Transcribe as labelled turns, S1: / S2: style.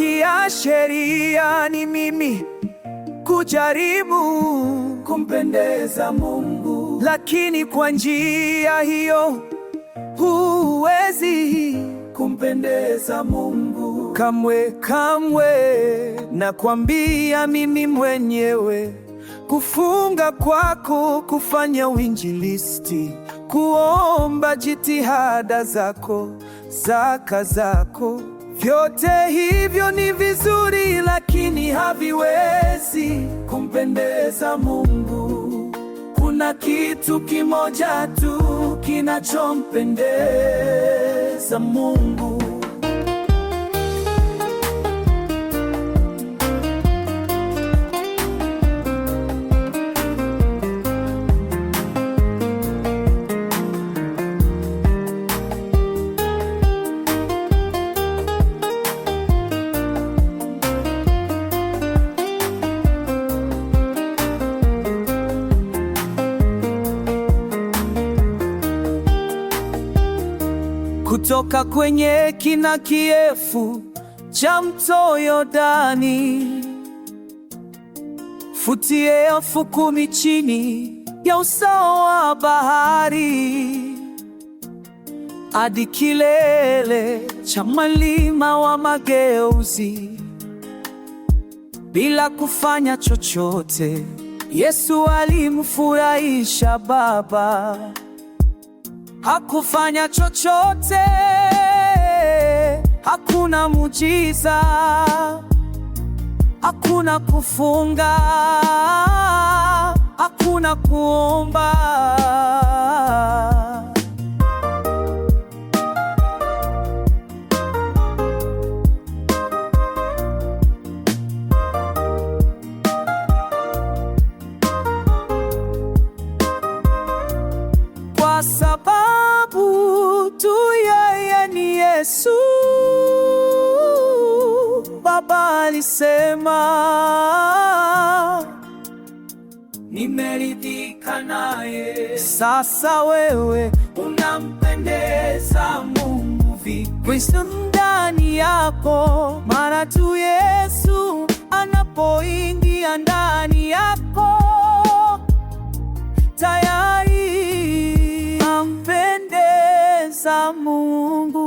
S1: kia sheria ni mimi kujaribu
S2: kumpendeza Mungu,
S1: lakini kwa njia hiyo huwezi
S2: kumpendeza Mungu
S1: kamwe, kamwe. Nakwambia mimi mwenyewe, kufunga kwako, kufanya uinjilisti, kuomba, jitihada zako, zaka zako Vyote hivyo ni vizuri, lakini haviwezi
S2: kumpendeza Mungu. Kuna kitu kimoja tu kinachompendeza Mungu.
S1: kutoka kwenye kina kiefu cha mto Yordani. Futie elfu kumi chini ya usawa wa bahari hadi kilele cha mlima wa mageuzi, bila kufanya chochote. Yesu alimfurahisha Baba hakufanya chochote, hakuna mujiza, hakuna kufunga, hakuna kuomba Baba alisema,
S2: nimeridhika naye.
S1: Sasa wewe
S2: unampendeza Mungu vipi?
S1: Kristo ndani yako, mara tu Yesu anapoingia ndani yako tayari
S2: ampendeza Mungu.